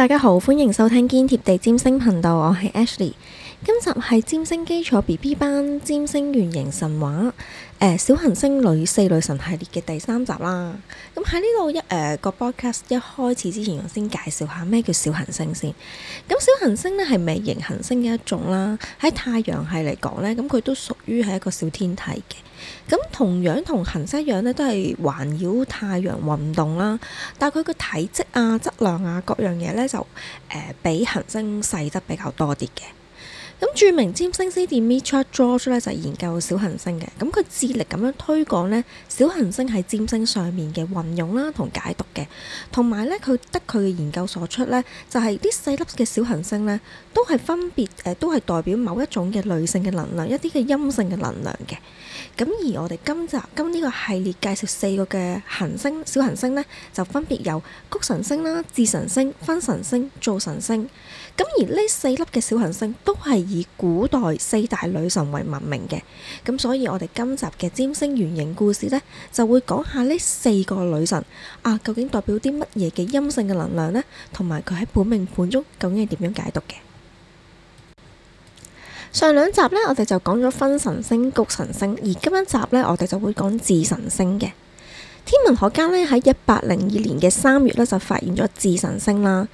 大家好，歡迎收聽堅貼地占星頻道，我係 Ashley。今集係占星基礎 BB 班，占星圓形神話、呃、小行星女四女神系列嘅第三集啦。咁喺呢度一誒、呃、個 podcast 一開始之前，我先介紹下咩叫小行星先。咁小行星呢係微型行星嘅一種啦，喺太陽系嚟講呢，咁佢都屬於係一個小天體嘅。咁同樣同行星一樣咧，都係環繞太陽運動啦。但佢個體積啊、質量啊各樣嘢咧，就誒、呃、比行星細得比較多啲嘅。咁著名占星師 Demetra George 咧，就係研究小行星嘅，咁佢致力咁樣推廣呢小行星喺占星上面嘅運用啦同解讀嘅，同埋呢，佢得佢嘅研究所出呢，就係啲細粒嘅小行星呢，都係分別誒、呃、都係代表某一種嘅女性嘅能量，一啲嘅陰性嘅能量嘅。咁而我哋今集今呢個系列介紹四個嘅行星小行星呢，就分別有谷神星啦、智神星、分神星、灶神星。咁而呢四粒嘅小行星都係以古代四大女神為聞名嘅，咁所以我哋今集嘅占星原型故事呢，就會講下呢四個女神啊，究竟代表啲乜嘢嘅陰性嘅能量呢，同埋佢喺本命盤中究竟係點樣解讀嘅？上兩集呢，我哋就講咗分神星、谷神星，而今一集呢，我哋就會講智神星嘅。天文學家呢，喺一八零二年嘅三月呢，就發現咗智神星啦。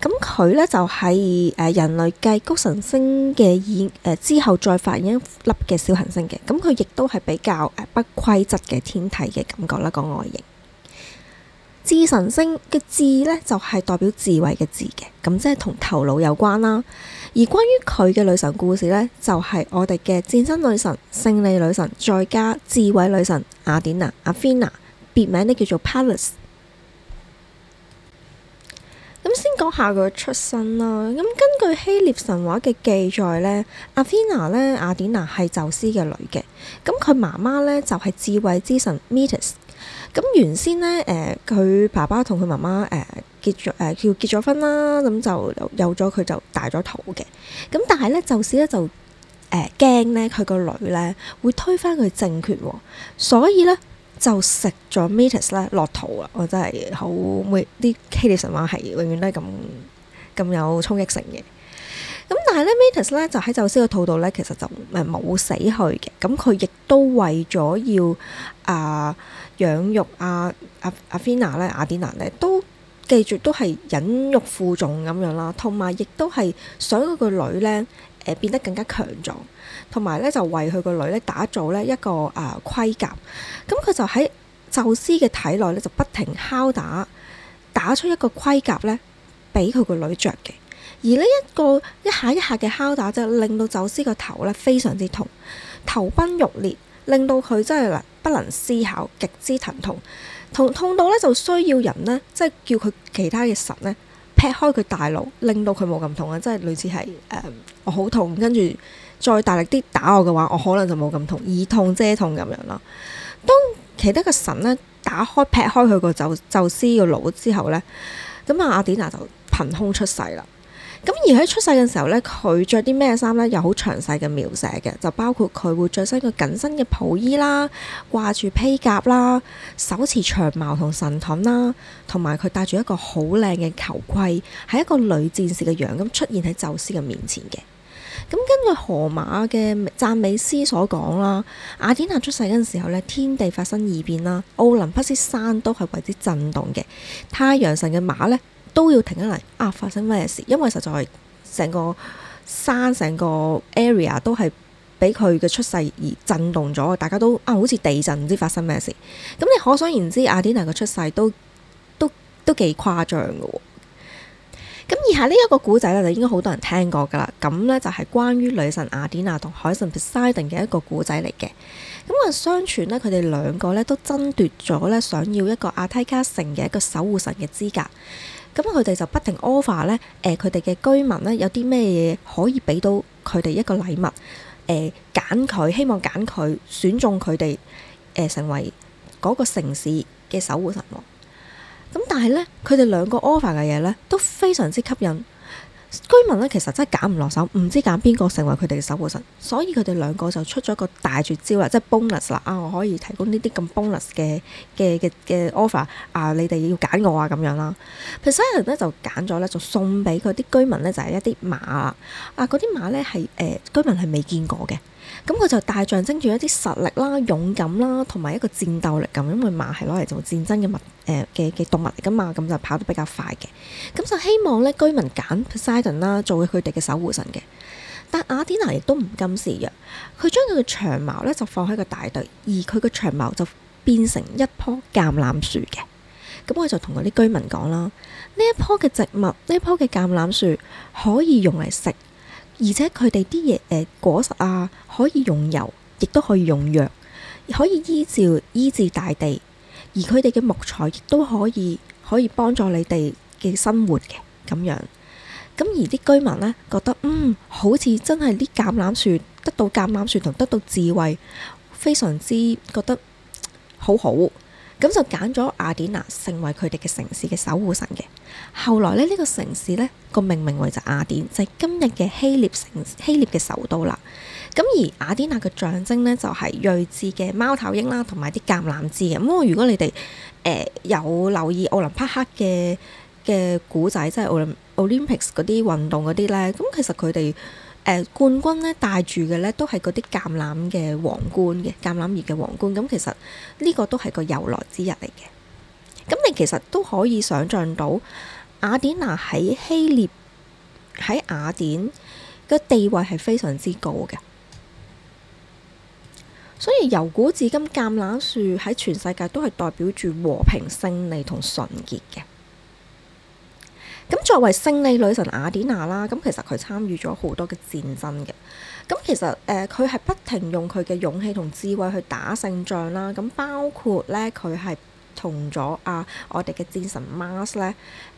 咁佢呢，就係、是、人類繼谷神星嘅以、呃、之後再發現一粒嘅小行星嘅，咁佢亦都係比較不規則嘅天體嘅感覺啦，個外形。智神星嘅智呢，就係、是、代表智慧嘅智嘅，咁即係同頭腦有關啦。而關於佢嘅女神故事呢，就係、是、我哋嘅戰爭女神、勝利女神，再加智慧女神雅典娜，阿菲娜，別名呢叫做 Pallas。咁先講下佢嘅出身啦。咁根據希臘神話嘅記載呢，阿菲娜咧，雅典娜係宙斯嘅女嘅。咁佢媽媽呢，就係智慧之神米特斯。咁原先呢，誒、呃、佢爸爸同佢媽媽誒結咗，誒、呃、叫結咗婚啦。咁、呃、就有咗佢就大咗肚嘅。咁但係呢，宙斯呢，就誒驚咧佢個女呢會推翻佢政權，所以呢。就食咗 Metis 咧落肚啦，我真係好每啲希臘神話係永遠都係咁咁有衝擊性嘅。咁但係咧 Metis 咧就喺宙斯嘅肚度咧，其實就唔係冇死去嘅。咁佢亦都為咗要、呃、養啊養育、啊、阿阿阿菲娜咧、雅典娜咧，都記住都係忍辱負重咁樣啦，同埋亦都係想佢個女咧。變得更加強壯，同埋咧就為佢個女咧打造呢一個啊、呃、盔甲。咁佢就喺宙斯嘅體內咧就不停敲打，打出一個盔甲咧俾佢個女着嘅。而呢一個一下一下嘅敲打，就令到宙斯個頭咧非常之痛，頭崩肉裂，令到佢真係不能思考，極之疼痛，痛痛到咧就需要人呢，即係叫佢其他嘅神呢。劈開佢大腦，令到佢冇咁痛啊！即係類似係誒、呃，我好痛，跟住再大力啲打我嘅話，我可能就冇咁痛，以痛遮痛咁樣咯。當其他嘅神咧打開劈開佢個宙宙斯嘅腦之後咧，咁啊雅典娜就憑空出世啦。咁而喺出世嘅時候呢，佢着啲咩衫呢？有好詳細嘅描寫嘅，就包括佢會着身個緊身嘅袍衣啦，掛住披甲啦，手持長矛同神盾啦，同埋佢戴住一個好靚嘅球盔，係一個女戰士嘅樣咁出現喺宙斯嘅面前嘅。咁根據荷馬嘅贊美詩所講啦，雅典娜出世嗰陣時候呢，天地發生異變啦，奧林匹斯山都係為之震動嘅，太陽神嘅馬呢，都要停一嚟啊！發生咩事？因為實在係成個山、成個 area 都係俾佢嘅出世而震動咗，大家都啊，好似地震，唔知發生咩事。咁你可想而知，雅典娜嘅出世都都都幾誇張嘅喎、哦。咁以下呢一個故仔咧，就應該好多人聽過噶啦。咁呢就係關於女神雅典娜同海神 Poseidon 嘅一個故仔嚟嘅。咁話相傳呢，佢哋兩個呢都爭奪咗呢想要一個阿提卡城嘅一個守護神嘅資格。咁佢哋就不停 offer 咧、呃，誒佢哋嘅居民咧有啲咩嘢可以俾到佢哋一個禮物，誒揀佢，希望揀佢選中佢哋，誒、呃、成為個城市嘅守護神。咁、嗯、但係咧，佢哋兩個 offer 嘅嘢咧都非常之吸引。居民咧其實真係揀唔落手，唔知揀邊個成為佢哋嘅守護神，所以佢哋兩個就出咗個大絕招啦，即係 bonus 啦啊！我可以提供呢啲咁 bonus 嘅嘅嘅嘅 offer 啊，你哋要揀我啊咁樣啦。person 咧就揀咗咧，就送俾佢啲居民咧就係一啲馬啊，嗰啲馬咧係誒居民係未見過嘅。咁佢就大象徵住一啲實力啦、勇敢啦，同埋一個戰鬥力咁，因為馬係攞嚟做戰爭嘅物誒嘅嘅動物嚟噶嘛，咁就跑得比較快嘅。咁就希望呢居民揀 Poseidon 啦做佢哋嘅守護神嘅。但雅典娜亦都唔甘示弱，佢將佢嘅長矛呢就放喺個大隊，而佢嘅長矛就變成一棵橄欖樹嘅。咁我就同嗰啲居民講啦，呢一棵嘅植物，呢一棵嘅橄欖樹可以用嚟食。而且佢哋啲嘢，誒果實啊，可以用油，亦都可以用藥，可以依照醫治大地，而佢哋嘅木材亦都可以，可以幫助你哋嘅生活嘅咁樣，咁而啲居民呢覺得，嗯，好似真係啲橄欖樹得到橄欖樹同得到智慧，非常之覺得好好。咁就揀咗雅典娜成為佢哋嘅城市嘅守護神嘅。後來咧呢、呢個城市呢，個命名為就雅典，就係今日嘅希臘城希臘嘅首都啦。咁而雅典娜嘅象徵呢，就係、是、睿智嘅貓頭鷹啦，同埋啲橄欖枝嘅。咁我如果你哋誒、呃、有留意奧林匹克嘅嘅古仔，即係奧林匹克嗰啲運動嗰啲呢，咁其實佢哋。冠軍咧，戴住嘅咧，都係嗰啲橄欖嘅皇冠嘅橄欖葉嘅皇冠，咁其實呢個都係個由來之一嚟嘅。咁你其實都可以想象到，雅典娜喺希臘喺雅典嘅地位係非常之高嘅，所以由古至今，橄欖樹喺全世界都係代表住和平、勝利同純潔嘅。咁作為勝利女神雅典娜啦，咁其實佢參與咗好多嘅戰爭嘅。咁其實誒，佢、呃、係不停用佢嘅勇氣同智慧去打勝仗啦。咁包括咧，佢係同咗啊，我哋嘅戰神 m 馬斯咧，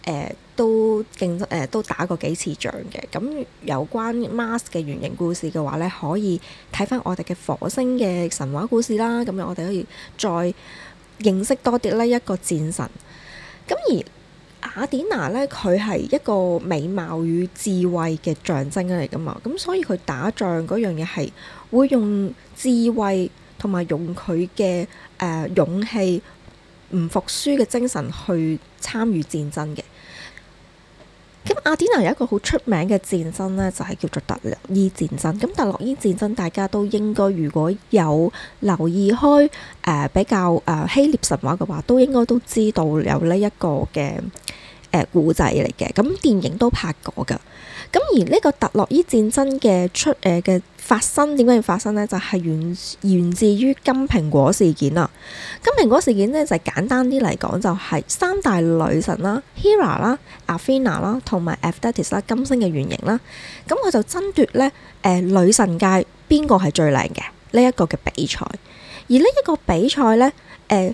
誒都競爭誒、呃、都打過幾次仗嘅。咁有關馬斯嘅原型故事嘅話咧，可以睇翻我哋嘅火星嘅神話故事啦。咁樣我哋可以再認識多啲呢一個戰神。咁而雅典娜呢，佢係一個美貌與智慧嘅象徵嚟㗎嘛，咁所以佢打仗嗰樣嘢係會用智慧同埋用佢嘅、呃、勇氣唔服輸嘅精神去參與戰爭嘅。咁雅典娜有一個好出名嘅戰爭呢，就係、是、叫做特洛伊戰爭。咁特洛伊戰爭，大家都應該如果有留意開誒、呃、比較誒、呃、希臘神話嘅話，都應該都知道有呢一個嘅。誒古仔嚟嘅咁，電影都拍過噶。咁而呢個特洛伊戰爭嘅出誒嘅、呃、發生，點解要發生呢？就係、是、源源自於金蘋果事件啊。金蘋果事件咧，就是、簡單啲嚟講，就係、是、三大女神啦，Hera 啦、Athena 啦同埋 Aphrodite 啦、啊啦 is, 啊、金星嘅原型啦。咁、嗯、我就爭奪咧誒、呃、女神界邊、這個係最靚嘅呢一個嘅比賽。而呢一個比賽咧。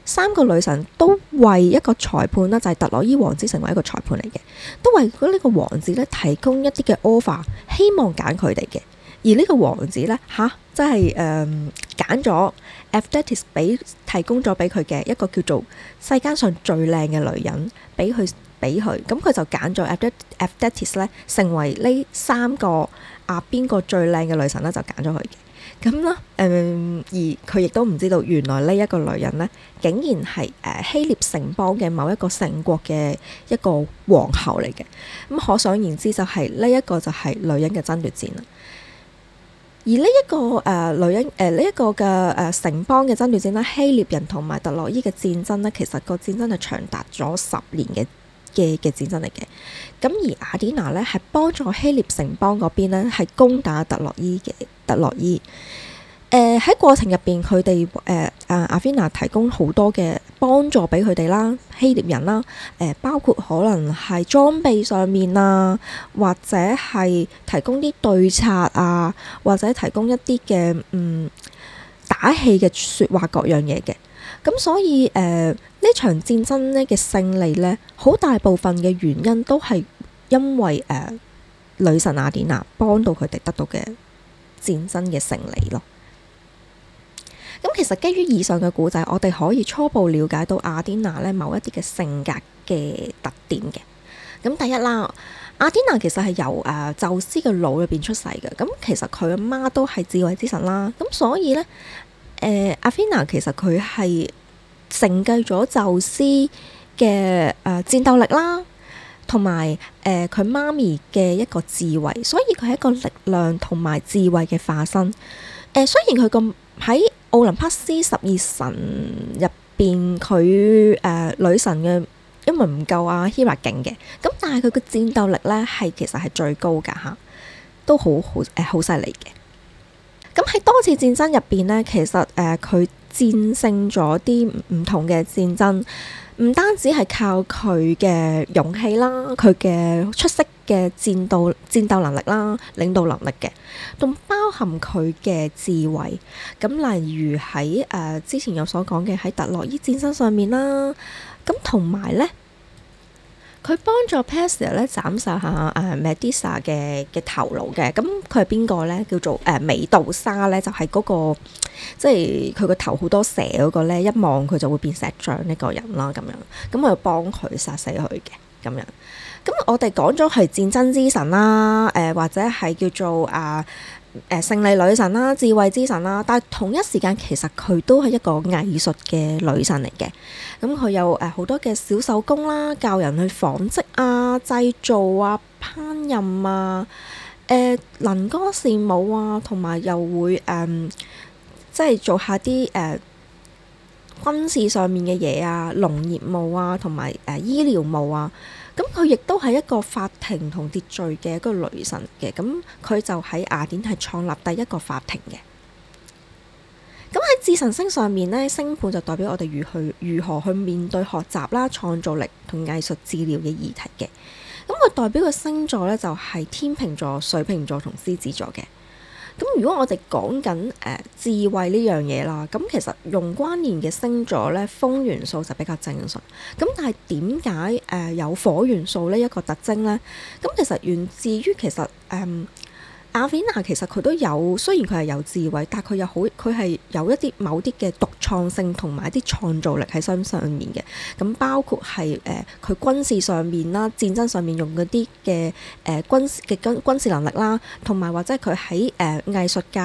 三個女神都為一個裁判啦，就係特洛伊王子成為一個裁判嚟嘅，都為咗呢個王子咧提供一啲嘅 offer，希望揀佢哋嘅。而呢個王子呢，吓即係誒揀咗 Aphrodite 俾，提供咗俾佢嘅一個叫做世間上最靚嘅女人俾佢俾佢，咁佢就揀咗 Aphd Aphrodite 咧成為呢三個啊邊個最靚嘅女神呢，就揀咗佢嘅。咁啦、嗯，而佢亦都唔知道，原來呢一個女人呢，竟然係誒、啊、希臘城邦嘅某一個城國嘅一個皇后嚟嘅。咁可想而知、就是，就係呢一個就係女人嘅爭奪戰啦。而呢、這、一個誒女、呃呃這個呃、人，誒呢一個嘅誒城邦嘅爭奪戰呢，希臘人同埋特洛伊嘅戰爭呢，其實個戰爭係長達咗十年嘅嘅嘅戰爭嚟嘅，咁而雅典娜呢，係幫助希臘城邦嗰邊呢，係攻打特洛伊嘅特洛伊。誒、呃、喺過程入邊，佢哋誒啊雅典娜提供好多嘅幫助俾佢哋啦，希臘人啦。誒、呃、包括可能係裝備上面啊，或者係提供啲對策啊，或者提供一啲嘅嗯打氣嘅説話各樣嘢嘅。咁所以誒呢、呃、場戰爭呢嘅勝利呢，好大部分嘅原因都係因為誒、呃、女神雅典娜幫到佢哋得到嘅戰爭嘅勝利咯。咁其實基於以上嘅古仔，我哋可以初步了解到雅典娜呢某一啲嘅性格嘅特點嘅。咁第一啦，雅典娜其實係由誒、呃、宙斯嘅腦入邊出世嘅，咁其實佢阿媽都係智慧之神啦，咁所以呢。誒，阿菲娜其實佢係承繼咗宙斯嘅誒、呃、戰鬥力啦，同埋誒佢媽咪嘅一個智慧，所以佢係一個力量同埋智慧嘅化身。誒、呃、雖然佢個喺奧林匹斯十二神入邊，佢誒、呃、女神嘅因為唔夠阿、啊、希拉勁嘅，咁但係佢嘅戰鬥力咧係其實係最高噶嚇，都好好誒好犀利嘅。呃咁喺多次戰爭入邊呢，其實誒佢、呃、戰勝咗啲唔同嘅戰爭，唔單止係靠佢嘅勇氣啦，佢嘅出色嘅戰鬥戰鬥能力啦，領導能力嘅，仲包含佢嘅智慧。咁例如喺誒、呃、之前有所講嘅喺特洛伊戰爭上面啦，咁同埋呢。佢幫助 Perseus 咧斬殺下誒 Medusa 嘅嘅頭顱嘅，咁佢係邊個咧？叫做誒、呃、美杜莎咧，就係、是、嗰、那個即係佢個頭好多蛇嗰、那個咧，一望佢就會變石像一個人啦咁樣。咁我又幫佢殺死佢嘅咁樣。咁我哋講咗係戰爭之神啦，誒、呃、或者係叫做啊。誒、呃，勝利女神啦，智慧之神啦，但係同一時間其實佢都係一個藝術嘅女神嚟嘅。咁佢有誒好、呃、多嘅小手工啦，教人去紡織啊、製造啊、烹飪啊、呃，能歌善舞啊，同埋又會誒、呃，即係做下啲誒軍事上面嘅嘢啊，農業務啊，同埋誒醫療務啊。咁佢亦都係一個法庭同秩序嘅一個女神嘅，咁佢就喺雅典係創立第一個法庭嘅。咁喺智神星上面呢，星盤就代表我哋如何去如何去面對學習啦、創造力同藝術治療嘅議題嘅。咁佢代表嘅星座呢，就係天秤座、水瓶座同獅子座嘅。咁如果我哋講緊誒智慧呢樣嘢啦，咁其實用關聯嘅星座咧，風元素就比較正常。咁但係點解誒有火元素呢？一個特徵咧？咁其實源自於其實誒。嗯阿斐娜其實佢都有，雖然佢係有智慧，但係佢又好，佢係有一啲某啲嘅獨創性同埋一啲創造力喺身上面嘅。咁包括係誒佢軍事上面啦、戰爭上面用嗰啲嘅誒軍嘅軍軍事能力啦，同埋或者佢喺誒藝術界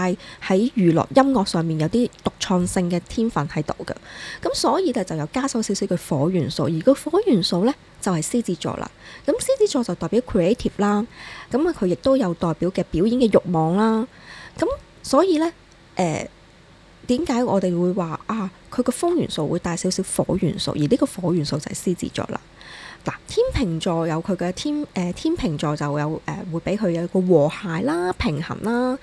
喺娛樂音樂上面有啲獨創性嘅天分喺度嘅。咁所以咧，就有加咗少少嘅火元素，而個火元素咧。就係獅子座啦，咁獅子座就代表 creative 啦，咁啊佢亦都有代表嘅表演嘅欲望啦，咁所以呢，誒點解我哋會話啊，佢個風元素會帶少少火元素，而呢個火元素就係獅子座啦。嗱，天秤座有佢嘅天誒、呃、天秤座就有誒、呃、會俾佢有個和諧啦、平衡啦，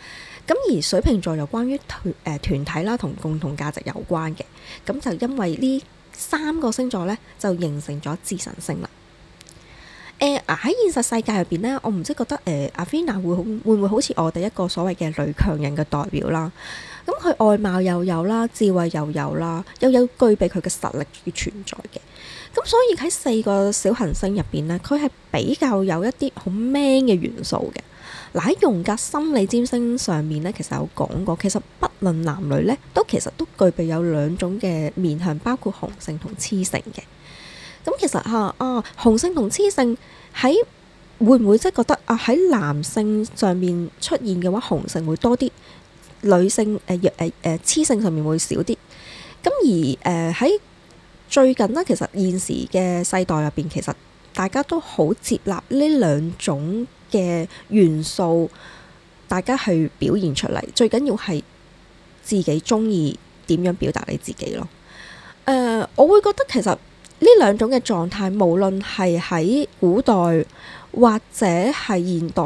咁而水瓶座就關於團誒團體啦同共同價值有關嘅，咁就因為呢，三個星座呢，就形成咗智神星啦。誒、呃，喺現實世界入邊呢，我唔知覺得誒阿菲娜會好會唔會好似我哋一個所謂嘅女強人嘅代表啦。咁佢外貌又有啦，智慧又有啦，又有具備佢嘅實力要存在嘅。咁所以喺四個小行星入邊呢，佢係比較有一啲好 man 嘅元素嘅。嗱，喺榮格心理占星上面呢，其實有講過，其實不論男女呢，都其實都具備有兩種嘅面向，包括雄性同雌性嘅。咁、嗯、其實嚇啊，雄性同雌性喺會唔會即係覺得啊？喺男性上面出現嘅話，雄性會多啲，女性誒呃、呃、雌性上面會少啲。咁、嗯、而誒喺、呃、最近咧，其實現時嘅世代入邊，其實大家都好接納呢兩種嘅元素，大家去表現出嚟。最緊要係。自己鍾意點樣表達你自己咯。誒、呃，我會覺得其實呢兩種嘅狀態，無論係喺古代或者係現代，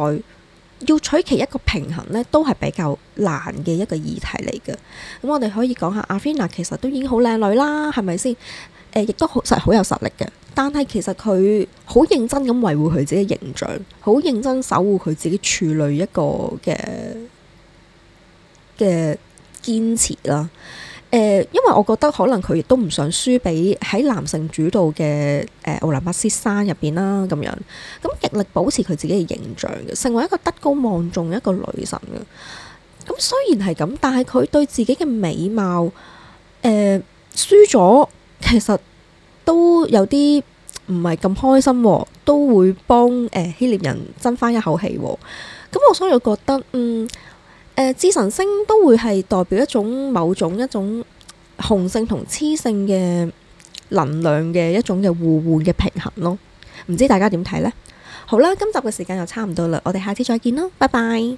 要取其一個平衡呢，都係比較難嘅一個議題嚟嘅。咁、嗯、我哋可以講下阿菲娜，其實都已經好靚女啦，係咪先？誒、呃，亦都好實，好有實力嘅。但係其實佢好認真咁維護佢自己嘅形象，好認真守護佢自己處女一個嘅嘅。堅持啦，誒、呃，因為我覺得可能佢亦都唔想輸俾喺男性主導嘅誒奧林匹斯山入邊啦，咁樣，咁極力保持佢自己嘅形象嘅，成為一個德高望重一個女神嘅。咁雖然係咁，但係佢對自己嘅美貌，誒、呃，輸咗，其實都有啲唔係咁開心，都會幫誒、呃、希臘人爭翻一口氣。咁我所以我覺得，嗯。誒、呃，智神星都會係代表一種某種一種雄性同雌性嘅能量嘅一種嘅互換嘅平衡咯，唔知大家點睇呢？好啦，今集嘅時間又差唔多啦，我哋下次再見啦，拜拜。